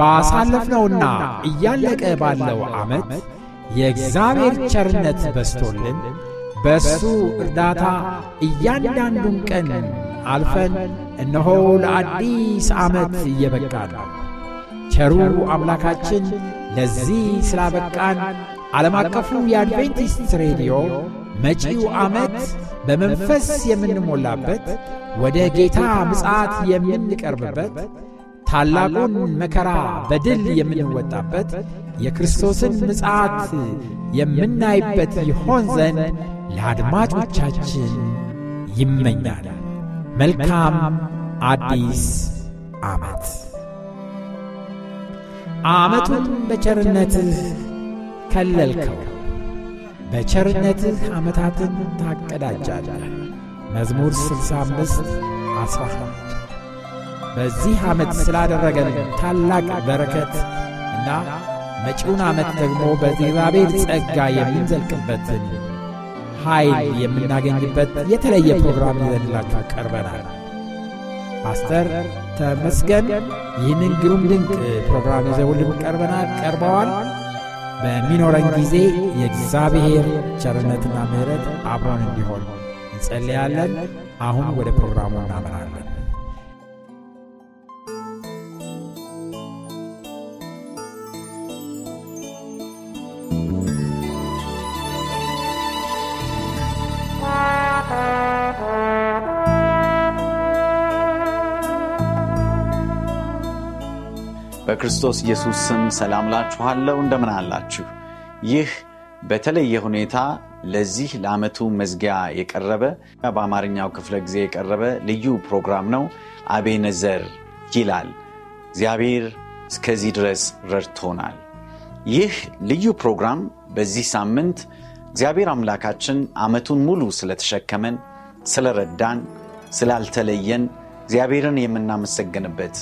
ባሳለፍነውና እያለቀ ባለው ዓመት የእግዚአብሔር ቸርነት በስቶልን በእሱ እርዳታ እያንዳንዱን ቀን አልፈን እነሆ ለአዲስ ዓመት እየበቃ ነው። ቸሩ አምላካችን ለዚህ ስላበቃን ዓለም አቀፉ የአድቬንቲስት ሬዲዮ መጪው ዓመት በመንፈስ የምንሞላበት ወደ ጌታ ምጽዓት የምንቀርብበት ታላቁን መከራ በድል የምንወጣበት የክርስቶስን ምጽዓት የምናይበት ይሆን ዘንድ ለአድማጮቻችን ይመኛል። መልካም አዲስ ዓመት። ዓመቱን በቸርነትህ ከለልከው። በቸርነትህ ዓመታትን ታቀዳጃለህ። መዝሙር 65 11 በዚህ ዓመት ስላደረገን ታላቅ በረከት እና መጪውን ዓመት ደግሞ በእግዚአብሔር ጸጋ የምንዘልቅበትን ኃይል የምናገኝበት የተለየ ፕሮግራም ይዘንላችሁ ቀርበናል። ፓስተር ተመስገን ይህንን ግሩም ድንቅ ፕሮግራም ይዘውልን ቀርበናል ቀርበዋል። በሚኖረን ጊዜ የእግዚአብሔር ቸርነትና ምሕረት አብሮን እንዲሆን እንጸልያለን። አሁን ወደ ፕሮግራሙ እናመራለን። በክርስቶስ ኢየሱስ ስም ሰላም ላችኋለው እንደምን አላችሁ? ይህ በተለየ ሁኔታ ለዚህ ለአመቱ መዝጊያ የቀረበ በአማርኛው ክፍለ ጊዜ የቀረበ ልዩ ፕሮግራም ነው። አቤነዘር ይላል እግዚአብሔር እስከዚህ ድረስ ረድቶናል። ይህ ልዩ ፕሮግራም በዚህ ሳምንት እግዚአብሔር አምላካችን አመቱን ሙሉ ስለተሸከመን፣ ስለረዳን፣ ስላልተለየን እግዚአብሔርን የምናመሰግንበት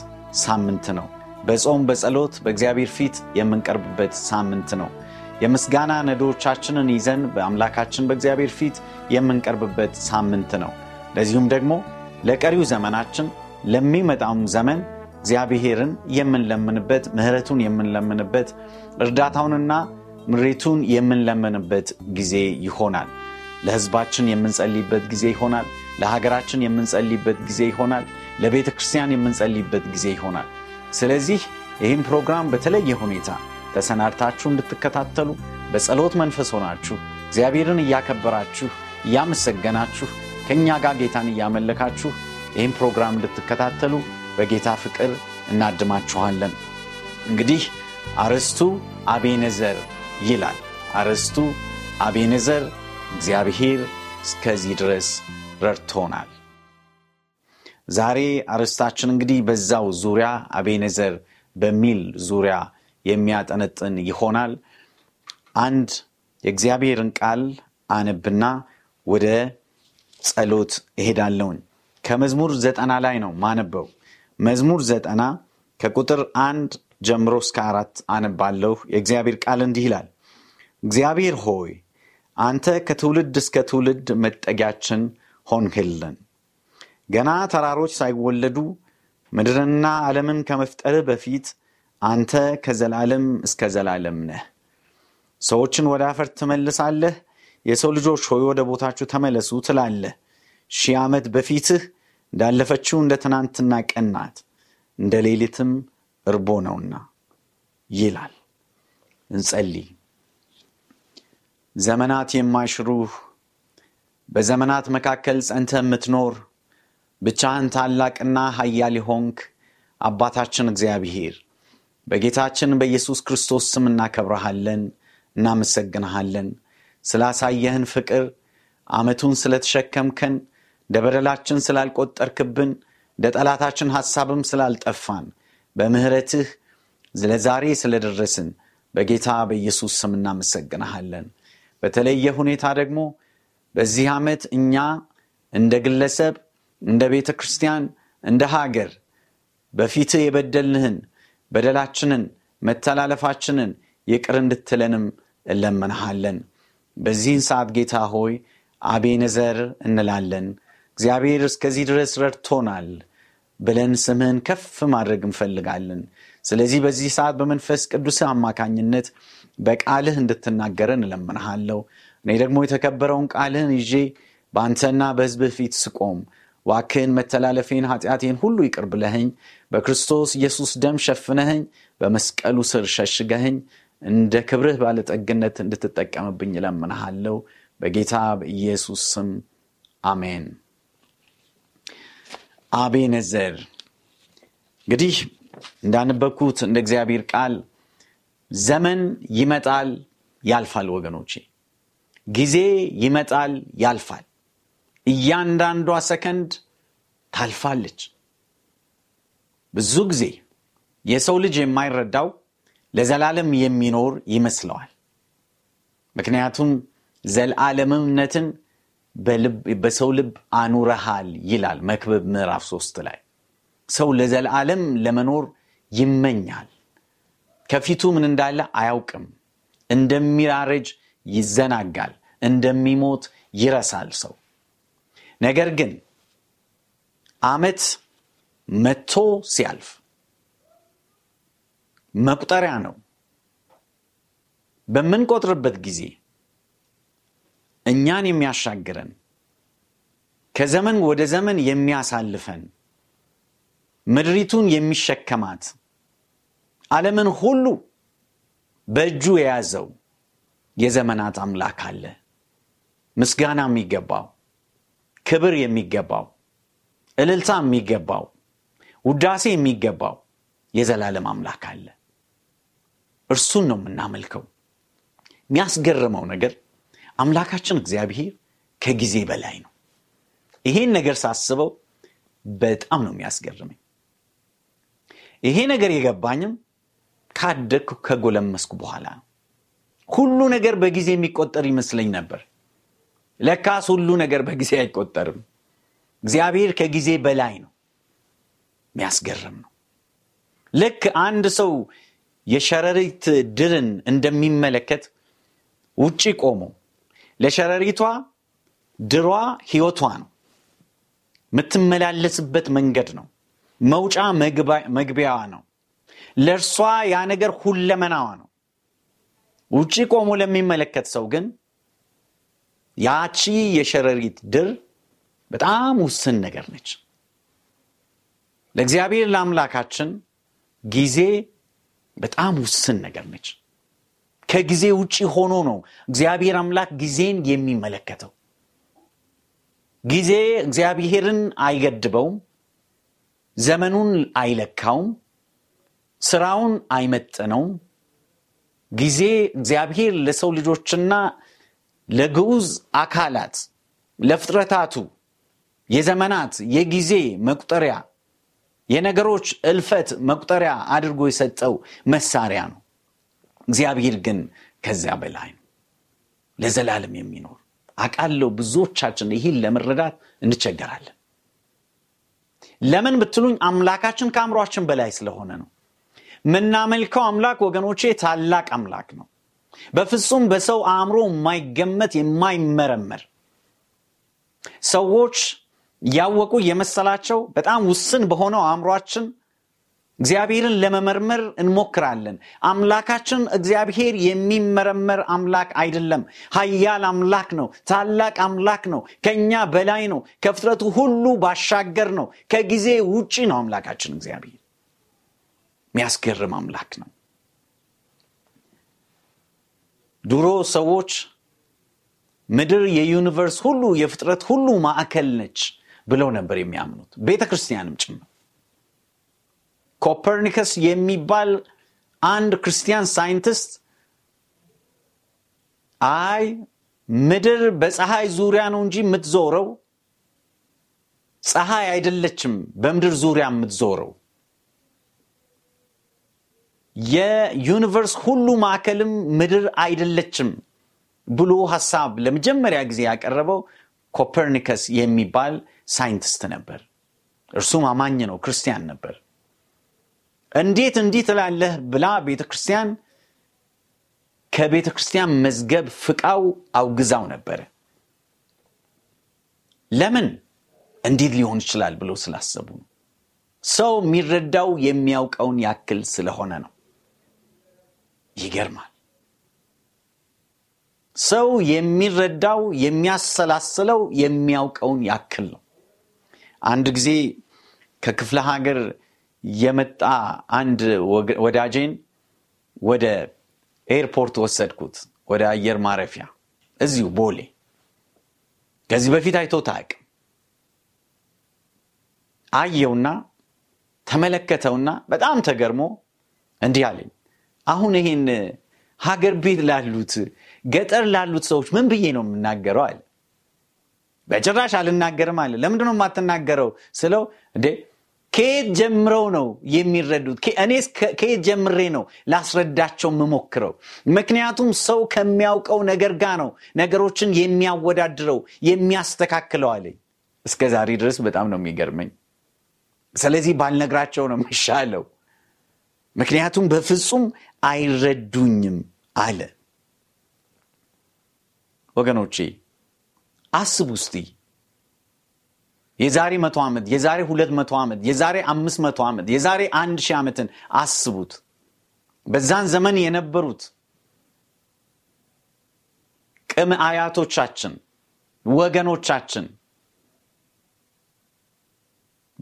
ሳምንት ነው። በጾም በጸሎት በእግዚአብሔር ፊት የምንቀርብበት ሳምንት ነው። የምስጋና ነዶዎቻችንን ይዘን በአምላካችን በእግዚአብሔር ፊት የምንቀርብበት ሳምንት ነው። ለዚሁም ደግሞ ለቀሪው ዘመናችን ለሚመጣውም ዘመን እግዚአብሔርን የምንለምንበት ምህረቱን የምንለምንበት እርዳታውንና ምሬቱን የምንለምንበት ጊዜ ይሆናል። ለህዝባችን የምንጸልይበት ጊዜ ይሆናል። ለሀገራችን የምንጸልይበት ጊዜ ይሆናል። ለቤተ ክርስቲያን የምንጸልይበት ጊዜ ይሆናል። ስለዚህ ይህን ፕሮግራም በተለየ ሁኔታ ተሰናድታችሁ እንድትከታተሉ በጸሎት መንፈስ ሆናችሁ እግዚአብሔርን እያከበራችሁ እያመሰገናችሁ ከእኛ ጋር ጌታን እያመለካችሁ ይህም ፕሮግራም እንድትከታተሉ በጌታ ፍቅር እናድማችኋለን። እንግዲህ አርዕስቱ አቤነዘር ይላል። አርዕስቱ አቤነዘር እግዚአብሔር እስከዚህ ድረስ ረድቶናል። ዛሬ አርዕስታችን እንግዲህ በዛው ዙሪያ አቤነዘር በሚል ዙሪያ የሚያጠነጥን ይሆናል። አንድ የእግዚአብሔርን ቃል አነብና ወደ ጸሎት እሄዳለውን ከመዝሙር ዘጠና ላይ ነው ማነበው። መዝሙር ዘጠና ከቁጥር አንድ ጀምሮ እስከ አራት አነባለሁ። የእግዚአብሔር ቃል እንዲህ ይላል። እግዚአብሔር ሆይ አንተ ከትውልድ እስከ ትውልድ መጠጊያችን ሆንህልን ገና ተራሮች ሳይወለዱ ምድርና ዓለምን ከመፍጠር በፊት አንተ ከዘላለም እስከ ዘላለም ነህ። ሰዎችን ወደ አፈር ትመልሳለህ። የሰው ልጆች ሆይ ወደ ቦታችሁ ተመለሱ ትላለህ። ሺህ ዓመት በፊትህ እንዳለፈችው እንደ ትናንትና ቀናት እንደ ሌሊትም እርቦ ነውና ይላል። እንጸልይ። ዘመናት የማይሽሩህ በዘመናት መካከል ጸንተ የምትኖር ብቻህን ታላቅና ኃያል ሆንክ አባታችን እግዚአብሔር በጌታችን በኢየሱስ ክርስቶስ ስም እናከብረሃለን፣ እናመሰግንሃለን። ስላሳየህን ፍቅር፣ አመቱን ስለተሸከምከን፣ ደበደላችን ስላልቆጠርክብን፣ ደጠላታችን ሐሳብም ስላልጠፋን፣ በምህረትህ ለዛሬ ስለደረስን በጌታ በኢየሱስ ስም እናመሰግንሃለን። በተለየ ሁኔታ ደግሞ በዚህ ዓመት እኛ እንደ ግለሰብ እንደ ቤተ ክርስቲያን እንደ ሀገር በፊትህ የበደልንህን በደላችንን መተላለፋችንን ይቅር እንድትለንም እለመንሃለን። በዚህን ሰዓት ጌታ ሆይ አቤነዘር እንላለን። እግዚአብሔር እስከዚህ ድረስ ረድቶናል ብለን ስምህን ከፍ ማድረግ እንፈልጋለን። ስለዚህ በዚህ ሰዓት በመንፈስ ቅዱስ አማካኝነት በቃልህ እንድትናገረን እለምንሃለሁ። እኔ ደግሞ የተከበረውን ቃልህን ይዤ በአንተና በህዝብህ ፊት ስቆም ዋክን፣ መተላለፌን፣ ኃጢአቴን ሁሉ ይቅር ብለህኝ በክርስቶስ ኢየሱስ ደም ሸፍነህኝ በመስቀሉ ስር ሸሽገህኝ እንደ ክብርህ ባለጠግነት እንድትጠቀምብኝ ለምንሃለው በጌታ በኢየሱስ ስም አሜን። አቤነዘር እንግዲህ እንዳንበኩት እንደ እግዚአብሔር ቃል ዘመን ይመጣል ያልፋል። ወገኖቼ ጊዜ ይመጣል ያልፋል። እያንዳንዷ ሰከንድ ታልፋለች። ብዙ ጊዜ የሰው ልጅ የማይረዳው ለዘላለም የሚኖር ይመስለዋል። ምክንያቱም ዘላለምነትን በሰው ልብ አኑረሃል ይላል መክብብ ምዕራፍ ሶስት ላይ ሰው ለዘላለም ለመኖር ይመኛል። ከፊቱ ምን እንዳለ አያውቅም። እንደሚራረጅ ይዘናጋል፣ እንደሚሞት ይረሳል ሰው ነገር ግን አመት መቶ ሲያልፍ መቁጠሪያ ነው። በምንቆጥርበት ጊዜ እኛን የሚያሻግረን ከዘመን ወደ ዘመን የሚያሳልፈን ምድሪቱን የሚሸከማት ዓለምን ሁሉ በእጁ የያዘው የዘመናት አምላክ አለ። ምስጋና የሚገባው ክብር የሚገባው እልልታ የሚገባው ውዳሴ የሚገባው የዘላለም አምላክ አለ። እርሱን ነው የምናመልከው። የሚያስገርመው ነገር አምላካችን እግዚአብሔር ከጊዜ በላይ ነው። ይሄን ነገር ሳስበው በጣም ነው የሚያስገርመኝ። ይሄ ነገር የገባኝም ካደግኩ ከጎለመስኩ በኋላ ነው። ሁሉ ነገር በጊዜ የሚቆጠር ይመስለኝ ነበር። ለካስ ሁሉ ነገር በጊዜ አይቆጠርም። እግዚአብሔር ከጊዜ በላይ ነው። የሚያስገርም ነው። ልክ አንድ ሰው የሸረሪት ድርን እንደሚመለከት ውጪ ቆሞ ለሸረሪቷ ድሯ ህይወቷ ነው። የምትመላለስበት መንገድ ነው። መውጫ መግቢያዋ ነው። ለእርሷ ያ ነገር ሁለመናዋ ነው። ውጪ ቆሞ ለሚመለከት ሰው ግን ያቺ የሸረሪት ድር በጣም ውስን ነገር ነች። ለእግዚአብሔር ለአምላካችን ጊዜ በጣም ውስን ነገር ነች። ከጊዜ ውጭ ሆኖ ነው እግዚአብሔር አምላክ ጊዜን የሚመለከተው። ጊዜ እግዚአብሔርን አይገድበውም፣ ዘመኑን አይለካውም፣ ስራውን አይመጥነውም። ጊዜ እግዚአብሔር ለሰው ልጆችና ለግዑዝ አካላት ለፍጥረታቱ የዘመናት የጊዜ መቁጠሪያ የነገሮች እልፈት መቁጠሪያ አድርጎ የሰጠው መሳሪያ ነው። እግዚአብሔር ግን ከዚያ በላይ ነው፣ ለዘላለም የሚኖር አቃለው ብዙዎቻችን ይህን ለመረዳት እንቸገራለን። ለምን ብትሉኝ አምላካችን ከአእምሯችን በላይ ስለሆነ ነው። የምናመልከው አምላክ ወገኖቼ ታላቅ አምላክ ነው። በፍጹም በሰው አእምሮ የማይገመት የማይመረመር ሰዎች ያወቁ የመሰላቸው በጣም ውስን በሆነው አእምሯችን እግዚአብሔርን ለመመርመር እንሞክራለን። አምላካችን እግዚአብሔር የሚመረመር አምላክ አይደለም። ሀያል አምላክ ነው። ታላቅ አምላክ ነው። ከኛ በላይ ነው። ከፍጥረቱ ሁሉ ባሻገር ነው። ከጊዜ ውጪ ነው አምላካችን እግዚአብሔር። የሚያስገርም አምላክ ነው። ድሮ ሰዎች ምድር የዩኒቨርስ ሁሉ የፍጥረት ሁሉ ማዕከል ነች ብለው ነበር የሚያምኑት፣ ቤተ ክርስቲያንም ጭምር። ኮፐርኒከስ የሚባል አንድ ክርስቲያን ሳይንቲስት አይ ምድር በፀሐይ ዙሪያ ነው እንጂ የምትዞረው ፀሐይ አይደለችም በምድር ዙሪያ የምትዞረው የዩኒቨርስ ሁሉ ማዕከልም ምድር አይደለችም ብሎ ሀሳብ ለመጀመሪያ ጊዜ ያቀረበው ኮፐርኒከስ የሚባል ሳይንቲስት ነበር። እርሱም አማኝ ነው፣ ክርስቲያን ነበር። እንዴት እንዲህ ትላለህ ብላ ቤተ ክርስቲያን ከቤተ ክርስቲያን መዝገብ ፍቃው አውግዛው ነበር። ለምን እንዴት ሊሆን ይችላል ብለው ስላሰቡ ነው። ሰው የሚረዳው የሚያውቀውን ያክል ስለሆነ ነው። ይገርማል። ሰው የሚረዳው የሚያሰላስለው የሚያውቀውን ያክል ነው። አንድ ጊዜ ከክፍለ ሀገር የመጣ አንድ ወዳጄን ወደ ኤርፖርት ወሰድኩት፣ ወደ አየር ማረፊያ እዚሁ ቦሌ። ከዚህ በፊት አይቶት አያውቅም። አየውና ተመለከተውና በጣም ተገርሞ እንዲህ አለኝ አሁን ይሄን ሀገር ቤት ላሉት ገጠር ላሉት ሰዎች ምን ብዬ ነው የምናገረው አለ። በጭራሽ አልናገርም አለ። ለምንድነው የማትናገረው ስለው ከየት ጀምረው ነው የሚረዱት? እኔስ ከየት ጀምሬ ነው ላስረዳቸው የምሞክረው? ምክንያቱም ሰው ከሚያውቀው ነገር ጋ ነው ነገሮችን የሚያወዳድረው የሚያስተካክለው አለኝ። እስከ ዛሬ ድረስ በጣም ነው የሚገርመኝ። ስለዚህ ባልነግራቸው ነው የሚሻለው። ምክንያቱም በፍጹም አይረዱኝም አለ። ወገኖቼ አስብ ውስጢ የዛሬ መቶ ዓመት የዛሬ ሁለት መቶ ዓመት የዛሬ አምስት መቶ ዓመት የዛሬ አንድ ሺህ ዓመትን አስቡት። በዛን ዘመን የነበሩት ቅም አያቶቻችን ወገኖቻችን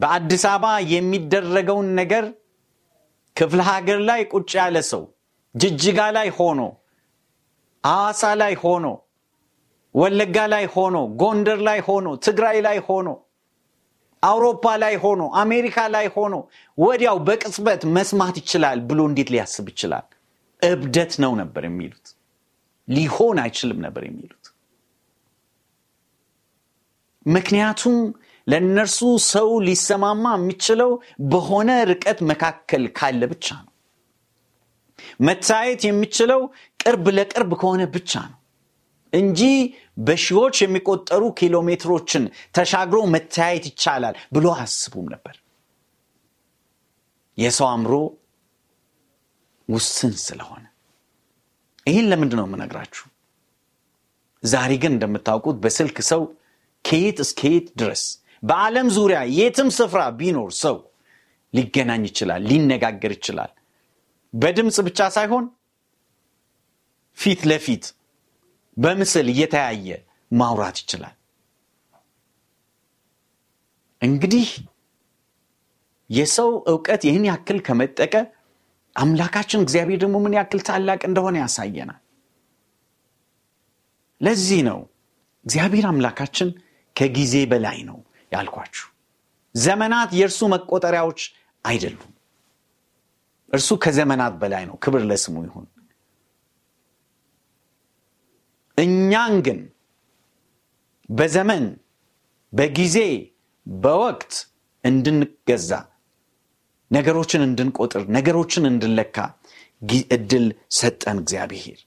በአዲስ አበባ የሚደረገውን ነገር ክፍለ ሀገር ላይ ቁጭ ያለ ሰው ጅጅጋ ላይ ሆኖ አዋሳ ላይ ሆኖ ወለጋ ላይ ሆኖ ጎንደር ላይ ሆኖ ትግራይ ላይ ሆኖ አውሮፓ ላይ ሆኖ አሜሪካ ላይ ሆኖ ወዲያው በቅጽበት መስማት ይችላል ብሎ እንዴት ሊያስብ ይችላል? እብደት ነው ነበር የሚሉት። ሊሆን አይችልም ነበር የሚሉት። ምክንያቱም ለእነርሱ ሰው ሊሰማማ የሚችለው በሆነ ርቀት መካከል ካለ ብቻ ነው። መታየት የሚችለው ቅርብ ለቅርብ ከሆነ ብቻ ነው እንጂ በሺዎች የሚቆጠሩ ኪሎ ሜትሮችን ተሻግሮ መታየት ይቻላል ብሎ አስቡም ነበር። የሰው አእምሮ ውስን ስለሆነ ይህን ለምንድ ነው የምነግራችሁ? ዛሬ ግን እንደምታውቁት በስልክ ሰው ከየት እስከየት ድረስ በዓለም ዙሪያ የትም ስፍራ ቢኖር ሰው ሊገናኝ ይችላል፣ ሊነጋገር ይችላል። በድምፅ ብቻ ሳይሆን ፊት ለፊት በምስል እየተያየ ማውራት ይችላል። እንግዲህ የሰው እውቀት ይህን ያክል ከመጠቀ አምላካችን እግዚአብሔር ደግሞ ምን ያክል ታላቅ እንደሆነ ያሳየናል። ለዚህ ነው እግዚአብሔር አምላካችን ከጊዜ በላይ ነው። ያልኳችሁ። ዘመናት የእርሱ መቆጠሪያዎች አይደሉም። እርሱ ከዘመናት በላይ ነው። ክብር ለስሙ ይሁን። እኛን ግን በዘመን በጊዜ በወቅት እንድንገዛ ነገሮችን እንድንቆጥር ነገሮችን እንድንለካ እድል ሰጠን እግዚአብሔር።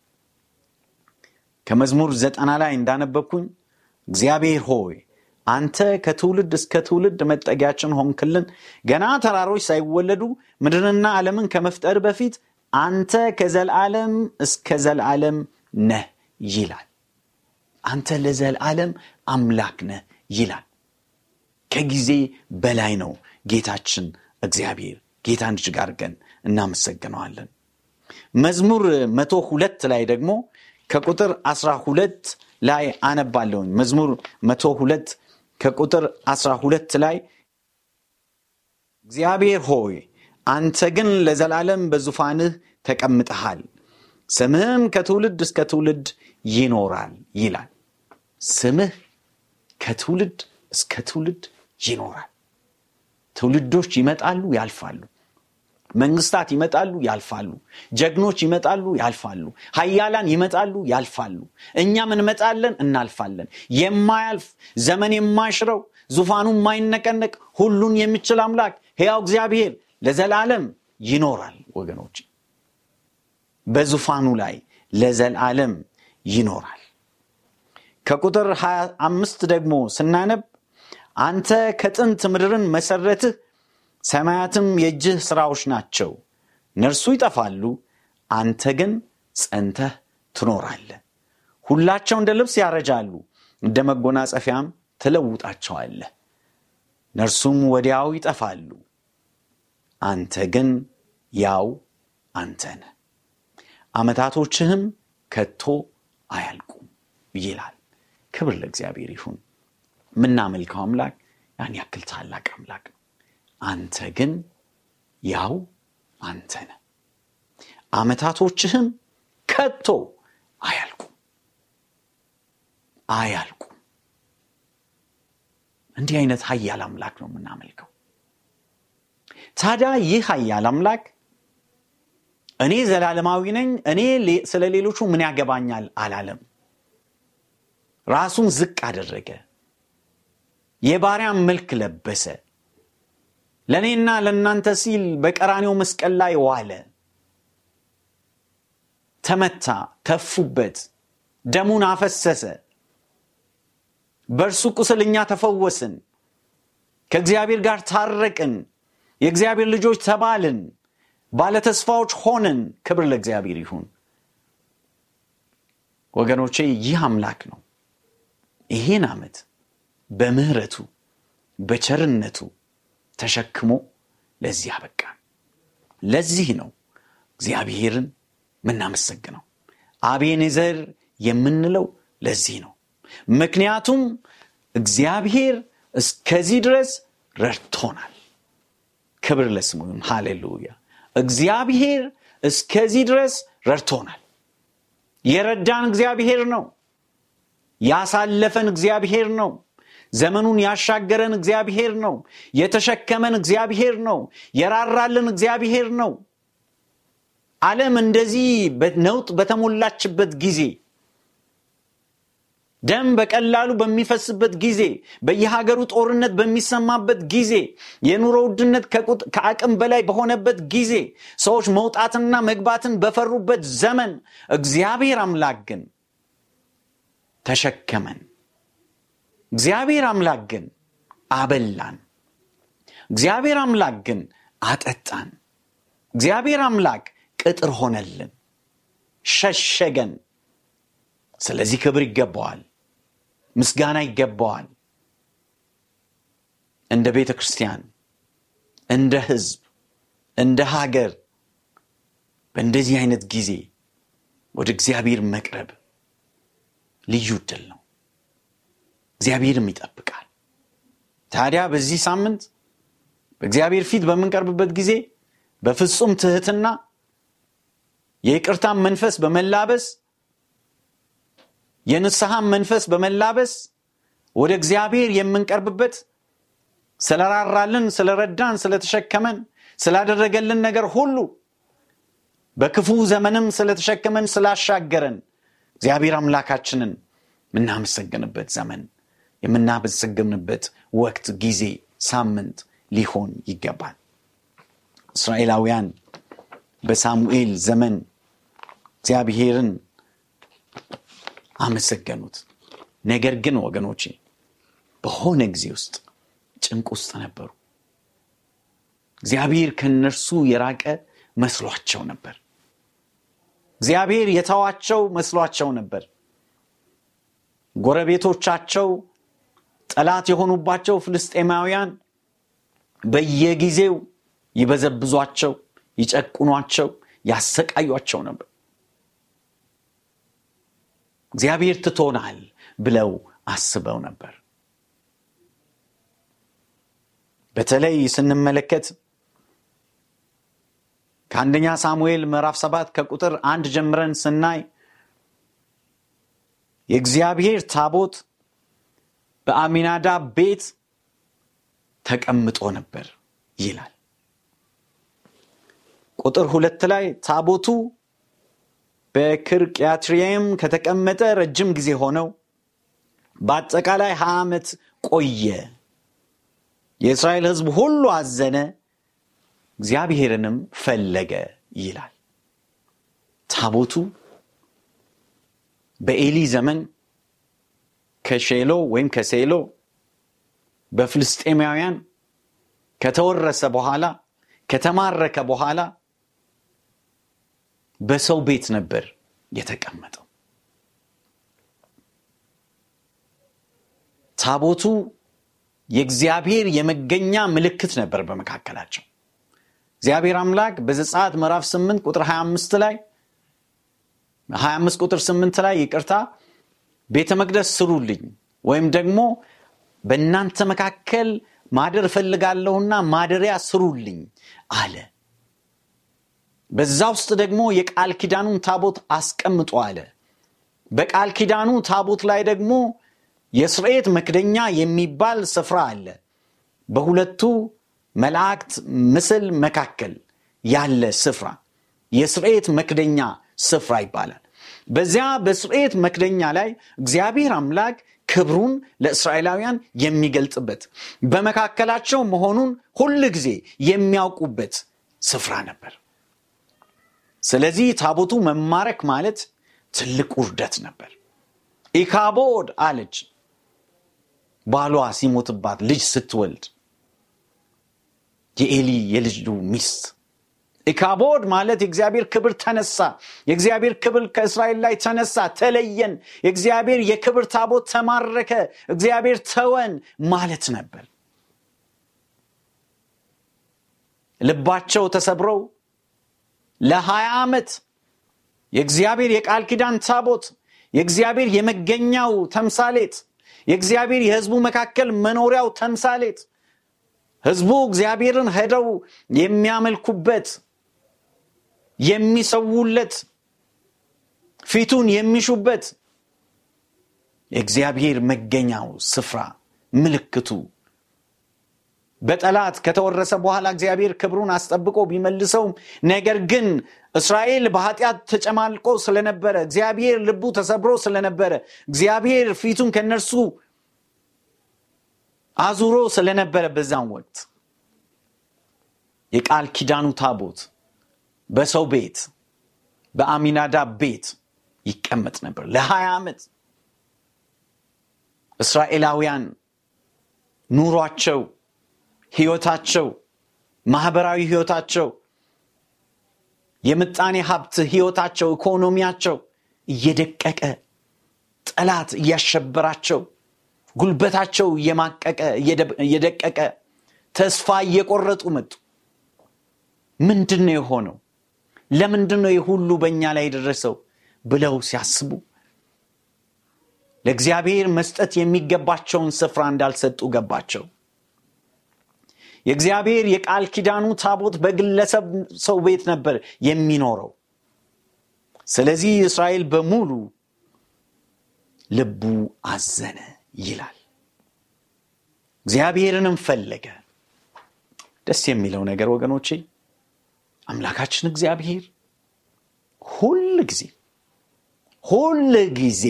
ከመዝሙር ዘጠና ላይ እንዳነበብኩኝ እግዚአብሔር ሆይ አንተ ከትውልድ እስከ ትውልድ መጠጊያችን ሆንክልን። ገና ተራሮች ሳይወለዱ ምድርንና ዓለምን ከመፍጠር በፊት አንተ ከዘልዓለም እስከ ዘልዓለም ነህ ይላል። አንተ ለዘልዓለም አምላክ ነህ ይላል። ከጊዜ በላይ ነው ጌታችን እግዚአብሔር። ጌታን እጅግ አድርገን እናመሰግነዋለን። መዝሙር መቶ ሁለት ላይ ደግሞ ከቁጥር አስራ ሁለት ላይ አነባለሁኝ። መዝሙር መቶ ሁለት ከቁጥር 12 ላይ እግዚአብሔር ሆይ አንተ ግን ለዘላለም በዙፋንህ ተቀምጠሃል፣ ስምህም ከትውልድ እስከ ትውልድ ይኖራል ይላል። ስምህ ከትውልድ እስከ ትውልድ ይኖራል። ትውልዶች ይመጣሉ፣ ያልፋሉ። መንግስታት ይመጣሉ ያልፋሉ። ጀግኖች ይመጣሉ ያልፋሉ። ሀያላን ይመጣሉ ያልፋሉ። እኛም እንመጣለን እናልፋለን። የማያልፍ ዘመን የማይሽረው ዙፋኑ የማይነቀነቅ ሁሉን የሚችል አምላክ ሕያው እግዚአብሔር ለዘላለም ይኖራል። ወገኖች በዙፋኑ ላይ ለዘላለም ይኖራል። ከቁጥር 25 ደግሞ ስናነብ አንተ ከጥንት ምድርን መሰረትህ ሰማያትም የእጅህ ሥራዎች ናቸው። ነርሱ ይጠፋሉ፣ አንተ ግን ጸንተህ ትኖራለ ሁላቸው እንደ ልብስ ያረጃሉ፣ እንደ መጎናጸፊያም ትለውጣቸዋለ ነርሱም ወዲያው ይጠፋሉ፣ አንተ ግን ያው አንተነ አመታቶችህም ከቶ አያልቁም ይላል። ክብር ለእግዚአብሔር ይሁን። የምናመልከው አምላክ ያን ያክል ታላቅ አምላክ ነው። አንተ ግን ያው አንተ ነ አመታቶችህም ከቶ አያልቁም አያልቁም። እንዲህ አይነት ሀያል አምላክ ነው የምናመልከው። ታዲያ ይህ ሀያል አምላክ እኔ ዘላለማዊ ነኝ፣ እኔ ስለ ሌሎቹ ምን ያገባኛል አላለም። ራሱን ዝቅ አደረገ፣ የባሪያን መልክ ለበሰ። ለእኔና ለእናንተ ሲል በቀራኔው መስቀል ላይ ዋለ፣ ተመታ፣ ተፉበት፣ ደሙን አፈሰሰ። በእርሱ ቁስል እኛ ተፈወስን፣ ከእግዚአብሔር ጋር ታረቅን፣ የእግዚአብሔር ልጆች ተባልን፣ ባለተስፋዎች ሆንን። ክብር ለእግዚአብሔር ይሁን። ወገኖቼ ይህ አምላክ ነው። ይሄን ዓመት በምህረቱ በቸርነቱ ተሸክሞ ለዚህ አበቃ። ለዚህ ነው እግዚአብሔርን የምናመሰግነው። አቤኔዘር የምንለው ለዚህ ነው። ምክንያቱም እግዚአብሔር እስከዚህ ድረስ ረድቶናል። ክብር ለስሙ ይሁን። ሃሌሉያ። እግዚአብሔር እስከዚህ ድረስ ረድቶናል። የረዳን እግዚአብሔር ነው። ያሳለፈን እግዚአብሔር ነው። ዘመኑን ያሻገረን እግዚአብሔር ነው። የተሸከመን እግዚአብሔር ነው። የራራልን እግዚአብሔር ነው። ዓለም እንደዚህ ነውጥ በተሞላችበት ጊዜ ደም በቀላሉ በሚፈስበት ጊዜ፣ በየሀገሩ ጦርነት በሚሰማበት ጊዜ፣ የኑሮ ውድነት ከአቅም በላይ በሆነበት ጊዜ፣ ሰዎች መውጣትና መግባትን በፈሩበት ዘመን እግዚአብሔር አምላክ ግን ተሸከመን። እግዚአብሔር አምላክ ግን አበላን እግዚአብሔር አምላክ ግን አጠጣን እግዚአብሔር አምላክ ቅጥር ሆነልን ሸሸገን ስለዚህ ክብር ይገባዋል ምስጋና ይገባዋል እንደ ቤተ ክርስቲያን እንደ ህዝብ እንደ ሀገር በእንደዚህ አይነት ጊዜ ወደ እግዚአብሔር መቅረብ ልዩ ድል ነው እግዚአብሔርም ይጠብቃል። ታዲያ በዚህ ሳምንት በእግዚአብሔር ፊት በምንቀርብበት ጊዜ በፍጹም ትህትና የቅርታን መንፈስ በመላበስ የንስሐን መንፈስ በመላበስ ወደ እግዚአብሔር የምንቀርብበት ስለራራልን፣ ስለረዳን፣ ስለተሸከመን፣ ስላደረገልን ነገር ሁሉ በክፉ ዘመንም ስለተሸከመን፣ ስላሻገረን እግዚአብሔር አምላካችንን የምናመሰግንበት ዘመን የምናመሰግንበት ወቅት፣ ጊዜ፣ ሳምንት ሊሆን ይገባል። እስራኤላውያን በሳሙኤል ዘመን እግዚአብሔርን አመሰገኑት። ነገር ግን ወገኖቼ በሆነ ጊዜ ውስጥ ጭንቅ ውስጥ ነበሩ። እግዚአብሔር ከእነርሱ የራቀ መስሏቸው ነበር። እግዚአብሔር የተዋቸው መስሏቸው ነበር። ጎረቤቶቻቸው ጠላት የሆኑባቸው ፍልስጤማውያን በየጊዜው ይበዘብዟቸው፣ ይጨቁኗቸው፣ ያሰቃዩቸው ነበር። እግዚአብሔር ትቶናል ብለው አስበው ነበር። በተለይ ስንመለከት ከአንደኛ ሳሙኤል ምዕራፍ ሰባት ከቁጥር አንድ ጀምረን ስናይ የእግዚአብሔር ታቦት በአሚናዳብ ቤት ተቀምጦ ነበር ይላል። ቁጥር ሁለት ላይ ታቦቱ በክርቅያትሪየም ከተቀመጠ ረጅም ጊዜ ሆነው በአጠቃላይ ሀ ዓመት ቆየ። የእስራኤል ህዝብ ሁሉ አዘነ፣ እግዚአብሔርንም ፈለገ ይላል። ታቦቱ በኤሊ ዘመን ከሼሎ ወይም ከሴሎ በፍልስጤማውያን ከተወረሰ በኋላ ከተማረከ በኋላ በሰው ቤት ነበር የተቀመጠው። ታቦቱ የእግዚአብሔር የመገኛ ምልክት ነበር በመካከላቸው። እግዚአብሔር አምላክ በዘጻት ምዕራፍ 8 ቁጥር 25 ላይ 25 ቁጥር 8 ላይ ይቅርታ ቤተ መቅደስ ስሩልኝ ወይም ደግሞ በእናንተ መካከል ማደር እፈልጋለሁና ማደሪያ ስሩልኝ አለ። በዛ ውስጥ ደግሞ የቃል ኪዳኑን ታቦት አስቀምጦ አለ። በቃል ኪዳኑ ታቦት ላይ ደግሞ የስርኤት መክደኛ የሚባል ስፍራ አለ። በሁለቱ መላእክት ምስል መካከል ያለ ስፍራ የስርኤት መክደኛ ስፍራ ይባላል። በዚያ በስርኤት መክደኛ ላይ እግዚአብሔር አምላክ ክብሩን ለእስራኤላውያን የሚገልጽበት በመካከላቸው መሆኑን ሁል ጊዜ የሚያውቁበት ስፍራ ነበር ስለዚህ ታቦቱ መማረክ ማለት ትልቅ ውርደት ነበር ኢካቦድ አለች ባሏ ሲሞትባት ልጅ ስትወልድ የኤሊ የልጅ ሚስት ኢካቦድ ማለት የእግዚአብሔር ክብር ተነሳ የእግዚአብሔር ክብር ከእስራኤል ላይ ተነሳ ተለየን የእግዚአብሔር የክብር ታቦት ተማረከ እግዚአብሔር ተወን ማለት ነበር ልባቸው ተሰብረው ለ ዓመት የእግዚአብሔር የቃል ኪዳን ታቦት የእግዚአብሔር የመገኛው ተምሳሌት የእግዚአብሔር የህዝቡ መካከል መኖሪያው ተምሳሌት ህዝቡ እግዚአብሔርን ሄደው የሚያመልኩበት የሚሰውለት ፊቱን የሚሹበት የእግዚአብሔር መገኛው ስፍራ ምልክቱ በጠላት ከተወረሰ በኋላ እግዚአብሔር ክብሩን አስጠብቆ ቢመልሰውም ነገር ግን እስራኤል በኃጢአት ተጨማልቆ ስለነበረ እግዚአብሔር ልቡ ተሰብሮ ስለነበረ እግዚአብሔር ፊቱን ከነርሱ አዙሮ ስለነበረ በዛም ወቅት የቃል ኪዳኑ ታቦት በሰው ቤት በአሚናዳብ ቤት ይቀመጥ ነበር ለሀያ ዓመት እስራኤላውያን ኑሯቸው ህይወታቸው ማህበራዊ ህይወታቸው የምጣኔ ሀብት ህይወታቸው ኢኮኖሚያቸው እየደቀቀ ጠላት እያሸበራቸው ጉልበታቸው እየማቀቀ እየደቀቀ ተስፋ እየቆረጡ መጡ ምንድን ነው የሆነው ለምንድን ነው የሁሉ በእኛ ላይ የደረሰው ብለው ሲያስቡ ለእግዚአብሔር መስጠት የሚገባቸውን ስፍራ እንዳልሰጡ ገባቸው የእግዚአብሔር የቃል ኪዳኑ ታቦት በግለሰብ ሰው ቤት ነበር የሚኖረው ስለዚህ እስራኤል በሙሉ ልቡ አዘነ ይላል እግዚአብሔርንም ፈለገ ደስ የሚለው ነገር ወገኖቼ አምላካችን እግዚአብሔር ሁል ጊዜ ሁል ጊዜ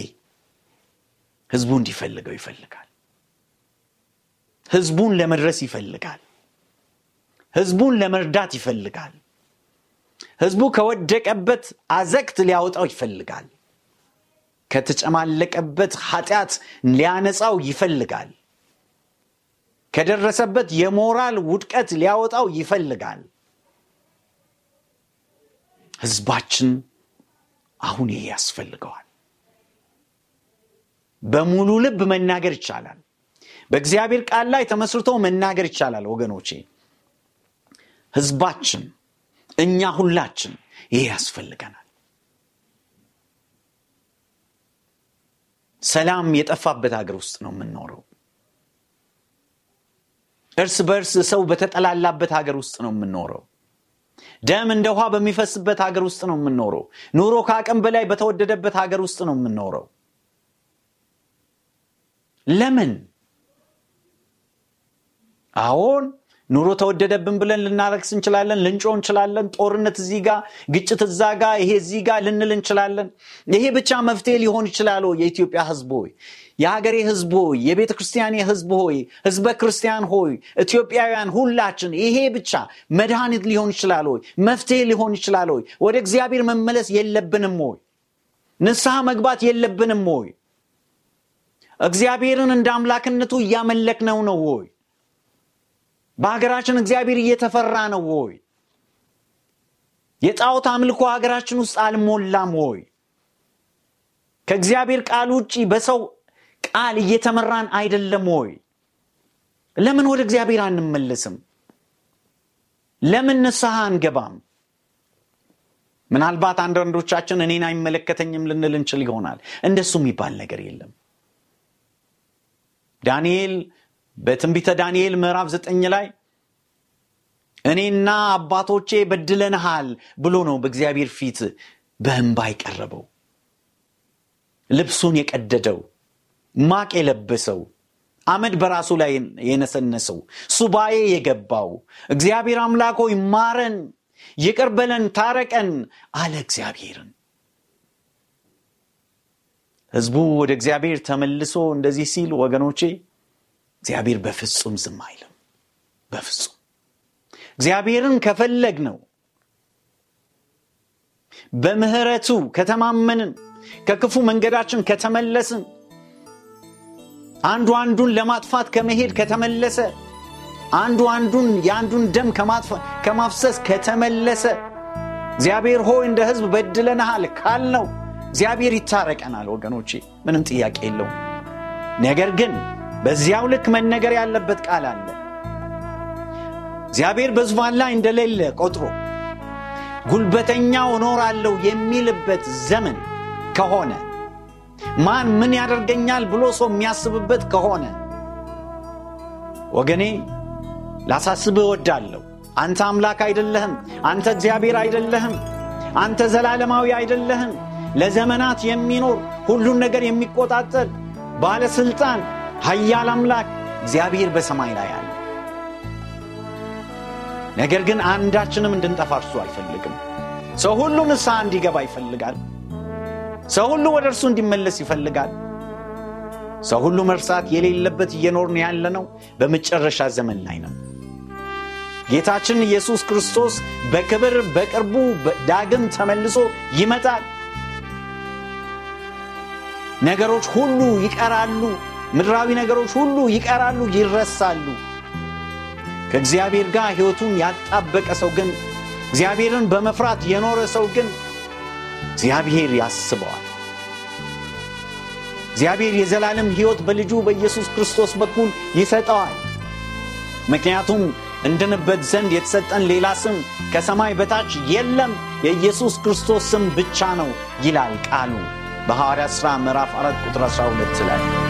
ህዝቡ እንዲፈልገው ይፈልጋል። ህዝቡን ለመድረስ ይፈልጋል። ህዝቡን ለመርዳት ይፈልጋል። ህዝቡ ከወደቀበት አዘቅት ሊያወጣው ይፈልጋል። ከተጨማለቀበት ኃጢአት ሊያነጻው ይፈልጋል። ከደረሰበት የሞራል ውድቀት ሊያወጣው ይፈልጋል። ህዝባችን አሁን ይሄ ያስፈልገዋል በሙሉ ልብ መናገር ይቻላል በእግዚአብሔር ቃል ላይ ተመስርቶ መናገር ይቻላል ወገኖቼ ህዝባችን እኛ ሁላችን ይሄ ያስፈልገናል ሰላም የጠፋበት ሀገር ውስጥ ነው የምንኖረው እርስ በእርስ ሰው በተጠላላበት ሀገር ውስጥ ነው የምንኖረው ደም እንደ ውሃ በሚፈስበት ሀገር ውስጥ ነው የምንኖረው። ኑሮ ከአቅም በላይ በተወደደበት ሀገር ውስጥ ነው የምንኖረው። ለምን? አሁን ኑሮ ተወደደብን ብለን ልናረግስ እንችላለን፣ ልንጮ እንችላለን። ጦርነት እዚህ ጋ፣ ግጭት እዛ ጋ፣ ይሄ እዚህ ጋ ልንል እንችላለን። ይሄ ብቻ መፍትሄ ሊሆን ይችላል። የኢትዮጵያ ህዝብ ሆይ፣ የሀገሬ ህዝብ ሆይ፣ የቤተ ክርስቲያን ህዝብ ሆይ፣ ህዝበ ክርስቲያን ሆይ፣ ኢትዮጵያውያን ሁላችን ይሄ ብቻ መድኃኒት ሊሆን ይችላል ሆይ፣ መፍትሄ ሊሆን ይችላል ሆይ። ወደ እግዚአብሔር መመለስ የለብንም ሆይ፣ ንስሐ መግባት የለብንም ሆይ፣ እግዚአብሔርን እንደ አምላክነቱ እያመለክነው ነው ሆይ በሀገራችን እግዚአብሔር እየተፈራ ነው ወይ? የጣዖት አምልኮ ሀገራችን ውስጥ አልሞላም ወይ? ከእግዚአብሔር ቃል ውጭ በሰው ቃል እየተመራን አይደለም ወይ? ለምን ወደ እግዚአብሔር አንመለስም? ለምን ንስሐ አንገባም? ምናልባት አንዳንዶቻችን እኔን አይመለከተኝም ልንል እንችል ይሆናል። እንደሱ የሚባል ነገር የለም። ዳንኤል በትንቢተ ዳንኤል ምዕራፍ ዘጠኝ ላይ እኔና አባቶቼ በድለንሃል ብሎ ነው በእግዚአብሔር ፊት በእንባ የቀረበው ልብሱን የቀደደው ማቅ የለበሰው አመድ በራሱ ላይ የነሰነሰው ሱባኤ የገባው እግዚአብሔር አምላኮ ይማረን ማረን ታረቀን አለ እግዚአብሔርን ህዝቡ ወደ እግዚአብሔር ተመልሶ እንደዚህ ሲል ወገኖቼ እግዚአብሔር በፍጹም ዝም አይልም። በፍጹም እግዚአብሔርን ከፈለግ ነው በምህረቱ ከተማመንን ከክፉ መንገዳችን ከተመለስን አንዱ አንዱን ለማጥፋት ከመሄድ ከተመለሰ አንዱ አንዱን የአንዱን ደም ከማፍሰስ ከተመለሰ እግዚአብሔር ሆይ እንደ ህዝብ በድለንሃል ካልነው እግዚአብሔር ይታረቀናል። ወገኖቼ ምንም ጥያቄ የለውም። ነገር ግን በዚያው ልክ መነገር ያለበት ቃል አለ። እግዚአብሔር በዙፋን ላይ እንደሌለ ቆጥሮ ጉልበተኛው እኖራለሁ የሚልበት ዘመን ከሆነ ማን ምን ያደርገኛል ብሎ ሰው የሚያስብበት ከሆነ ወገኔ ላሳስብህ እወዳለሁ። አንተ አምላክ አይደለህም። አንተ እግዚአብሔር አይደለህም። አንተ ዘላለማዊ አይደለህም። ለዘመናት የሚኖር ሁሉን ነገር የሚቆጣጠር ባለሥልጣን ኃያል አምላክ እግዚአብሔር በሰማይ ላይ አለ። ነገር ግን አንዳችንም እንድንጠፋ እርሱ አይፈልግም። ሰው ሁሉ ንሳ እንዲገባ ይፈልጋል። ሰው ሁሉ ወደ እርሱ እንዲመለስ ይፈልጋል። ሰው ሁሉ መርሳት የሌለበት እየኖርን ያለነው በመጨረሻ ዘመን ላይ ነው። ጌታችን ኢየሱስ ክርስቶስ በክብር በቅርቡ ዳግም ተመልሶ ይመጣል። ነገሮች ሁሉ ይቀራሉ። ምድራዊ ነገሮች ሁሉ ይቀራሉ፣ ይረሳሉ። ከእግዚአብሔር ጋር ሕይወቱን ያጣበቀ ሰው ግን እግዚአብሔርን በመፍራት የኖረ ሰው ግን እግዚአብሔር ያስበዋል። እግዚአብሔር የዘላለም ሕይወት በልጁ በኢየሱስ ክርስቶስ በኩል ይሰጠዋል። ምክንያቱም እንድንበት ዘንድ የተሰጠን ሌላ ስም ከሰማይ በታች የለም፣ የኢየሱስ ክርስቶስ ስም ብቻ ነው ይላል ቃሉ በሐዋርያ ሥራ ምዕራፍ 4 ቁጥር 12 ላይ